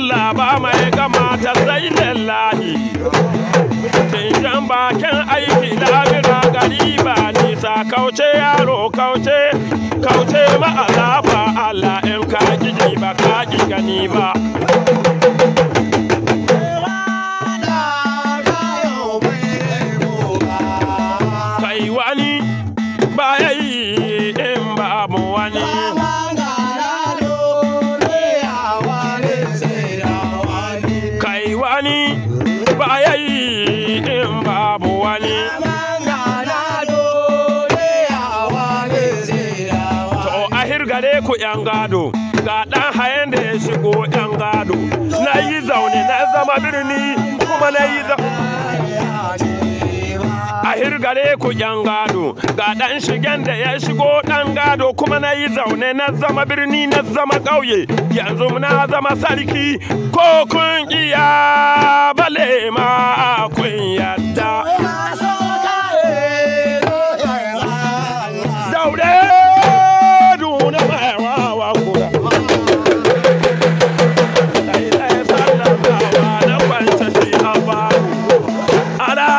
Allah ba mai gama ta sai lallahi Tinjan bakin aiki labira gari ba nisa kauce yaro kauce kauce ma'azafa Allah in ka ji ba ka gani ba kai wani ku 'yan gado ga ɗan hayan da ya shigo 'yan gado na yi zaune na zama birni kuma na yi a hirgare ku 'yan gado ga ɗan shigen da ya shigo ɗan gado kuma na yi zaune na zama birni na zama ƙauye yanzu na zama sarki ko kun iya bale ma kun yadda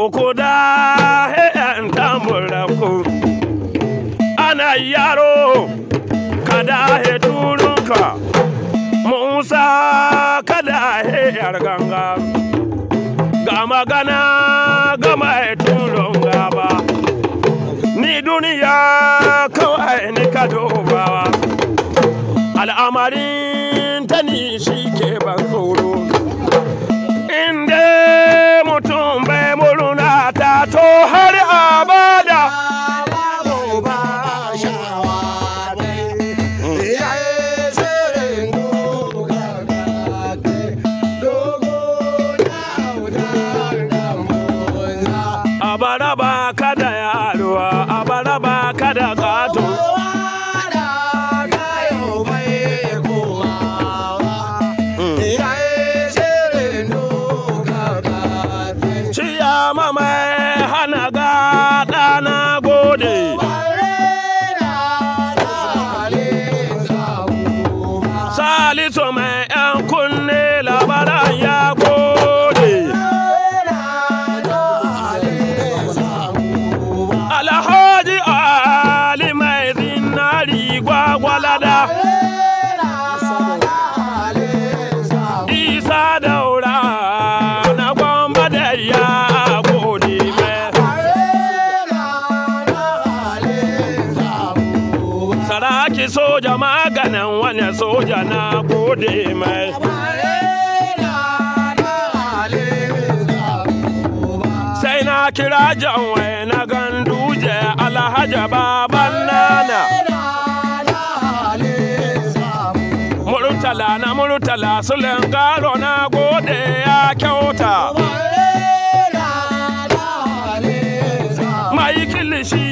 koko da yan ana yaro kada he turunka musa kada he arganga ga magana gama mai turun ba. ni duniya kawai ni ka dubawa al'amarin ta ni shi ke ban tsoro Little man. soja maganin wani soja na gode mai sai na kira janwai na ganduje alhaja baban nana murtala na murtala sulen garo na gode ya kyauta mai kilishi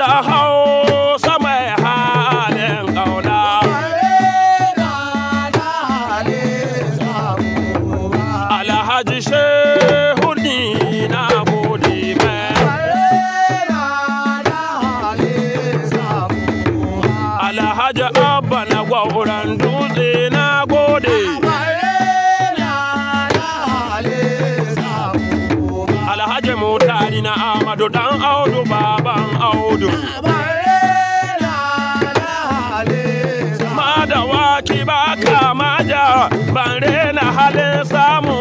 da hau alhaji abba na gwauran dutse na gode alhaji mutari na amadu dan audu baban audu madawa ki baka maja ban rena halin samu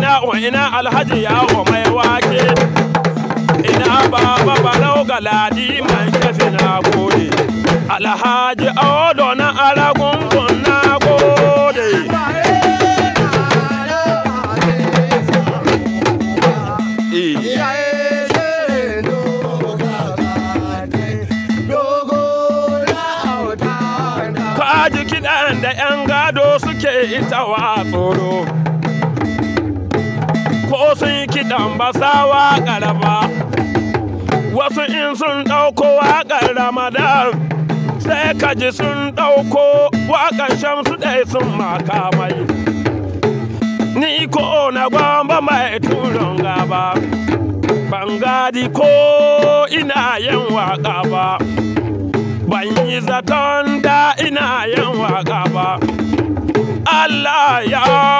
ina ina alhaji ya o mai wake ina baba barau galadi ladi kafi na gode alhaji audo na alagungun na gode Kaji kiɗan da 'yan gado suke ita wa tsoro. sawa wasu in sun ɗauko waƙar ramadan sai ka ji sun ɗauko waƙar shamsu ɗai sun maka mai ni ko na gwamba mai turon gaba ban gadi ko ina yan waƙa ba ban yi zaton da ina yin waƙa ba Allah ya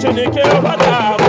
Tchunique eu vou dar